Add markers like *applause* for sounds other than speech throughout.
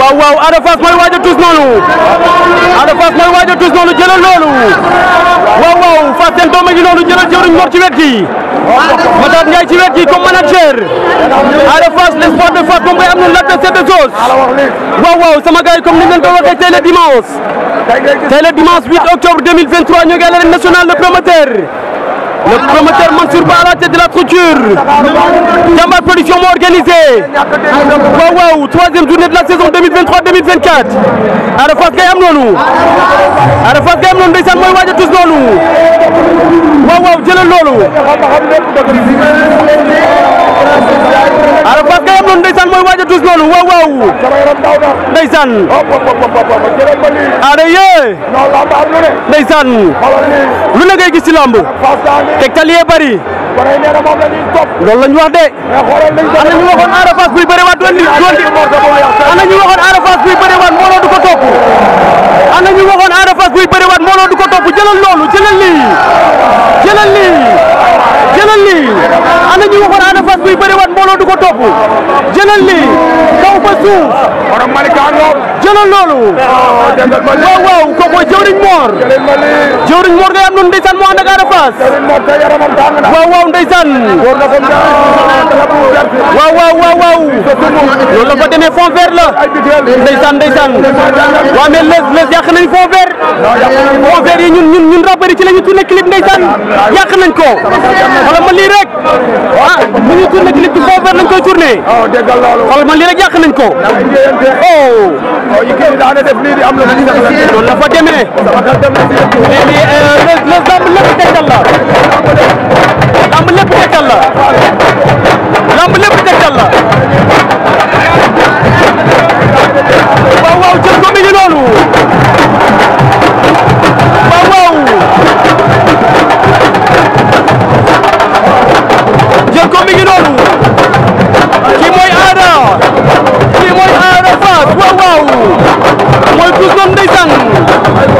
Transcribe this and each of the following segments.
waaw waaw Ada Fass mooy waaj a noonu Ada mooy waaj a tus noonu jëlal loolu waaw waaw Fass seen doom a ngi noonu jëlal jëruñ Ngor ci wet gi Matar Ndiaye ci wet gi comme manager Ada Fass l'espoir de Fass moom ngay am na latte c'est des waaw waaw sama gars yi comme ni ngeen ko waxee tey le dimanche tey le dimanche 8 le promoteur Le promoteur Mansour Barat de la structure. Jambar Production m'a organisé. Waouh, troisième journée de la saison 2023-2024. Arafat Gayam Nonou. Arafat Gayam Nonou, Bessan Moy Wadja tous Nonou. Waouh, Djelal Nonou. Arafat Gayam Nonou, Bessan Moy noonu waaw waaw. sama yaram daaw na. ndeysaan. aada yee. non lamb am lu ne. ndeysaan. lu ne ngay gis ci lamb. tegtal yee bari. bare nee na moom la ñuy topp. loolu la ñu wax de. am na ñu waxoon Ada Fass buy bëriwaat doon di doon di. am na ñu waxoon Ada Fass buy bëriwaat mbooloo du ko topp. am na ñu waxoon Ada Fass buy bëriwaat mbooloo du ko topp jëlal loolu jëlal lii jëlal lii jëlal lii am na ñu waxoon Ada Fass buy bëriwaat loolu du ko topp jëlal lii kaw ba suuf borom Malika ngoog jëlal loolu waaw waaw kooku jëwriñ Mor Ada Fass waaw waaw ndeysaan waaw waaw waaw waaw loolu la fa demee fond vert la ndeysaan ndeysaan waaw mais les les yàq nañ fond vert fond vert yi ñun ñun ah affaire nañ koy tourné. waaw déggal loolu. xool man lii rek yàq nañ ko. oh. waaw yi kii daa def lii di am la ñu def la. noonu la fa demee. lii lii lépp lépp tegtal la. am lépp tegtal la.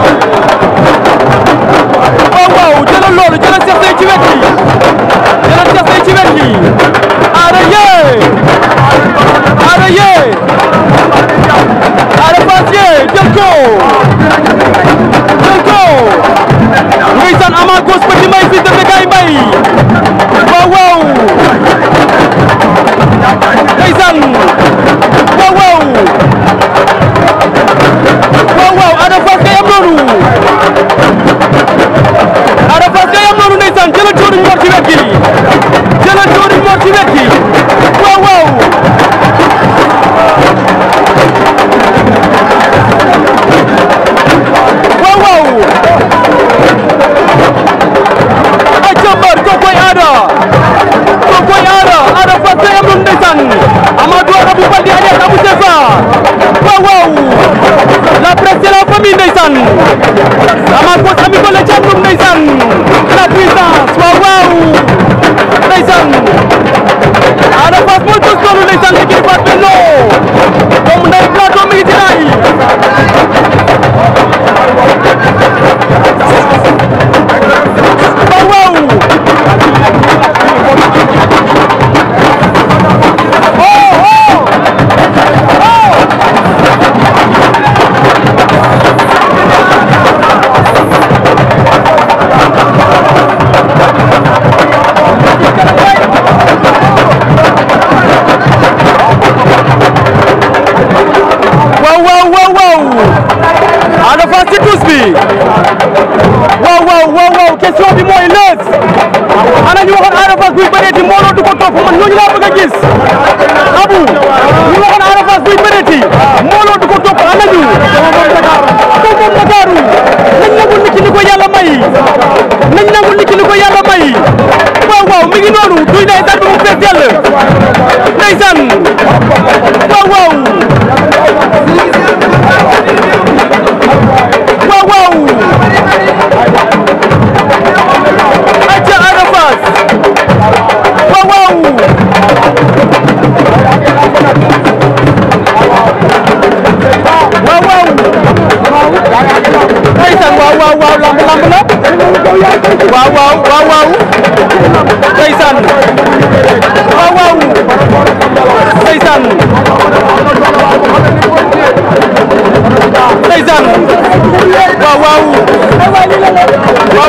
Thank *laughs* you. bu bëree di mbooloo du ko topp man ñooñu laa a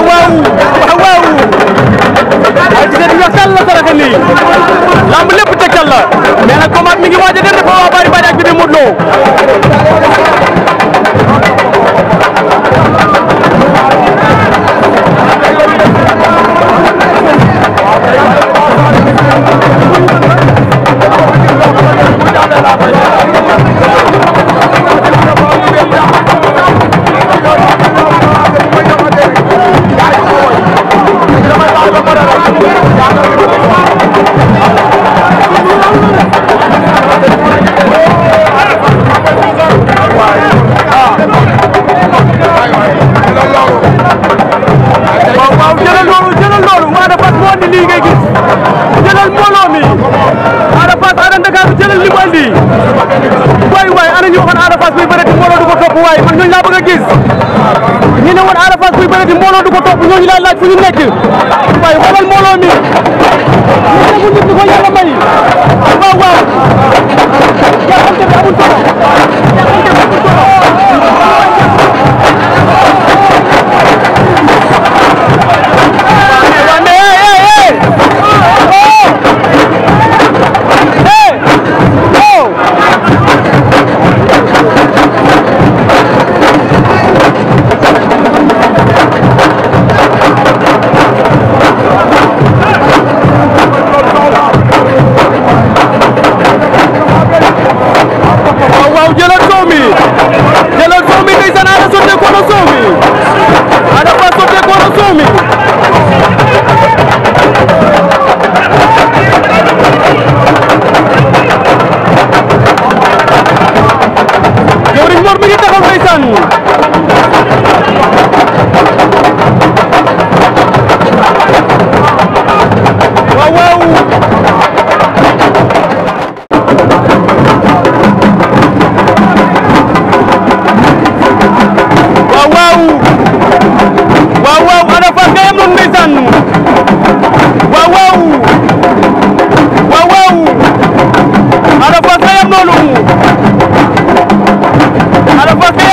Wow, wow. waaw waaw waaye gis ngeen ñoom tàll la saraka lamb lépp tegtal la mais nag mi ngi ak bi li mu andi waay waay ñu waxoon Ada Fass buy bëre di mbooloo ko topp waay man ñooñu laa bëgg a gis ñu ne woon Ada Fass buy bëre di mbooloo du topp ñooñu laa fu ñu nekk waay xoolal mbooloo ñu ne bu nit ñi ko may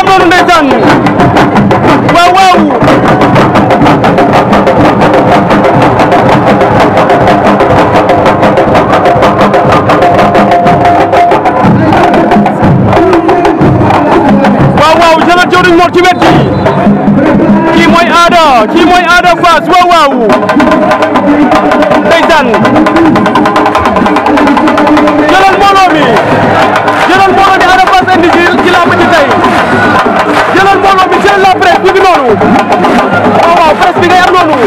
noonu ndeysaan waaw waaw jëriñ Mor ci wet kii mooy Ada kii mooy Ada Fass waaw waaw ndeysaan loolu la presse bi noonu waaw ah, waaw presse bi ngay am noonu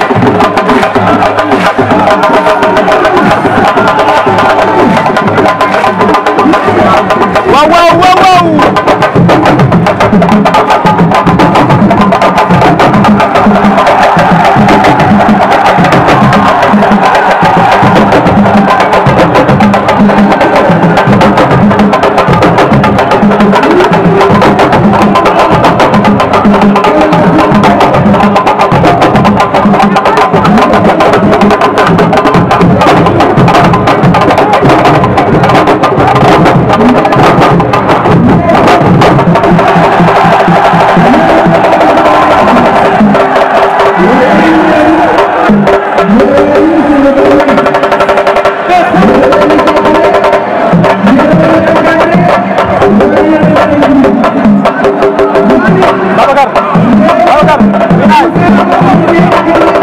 Dakar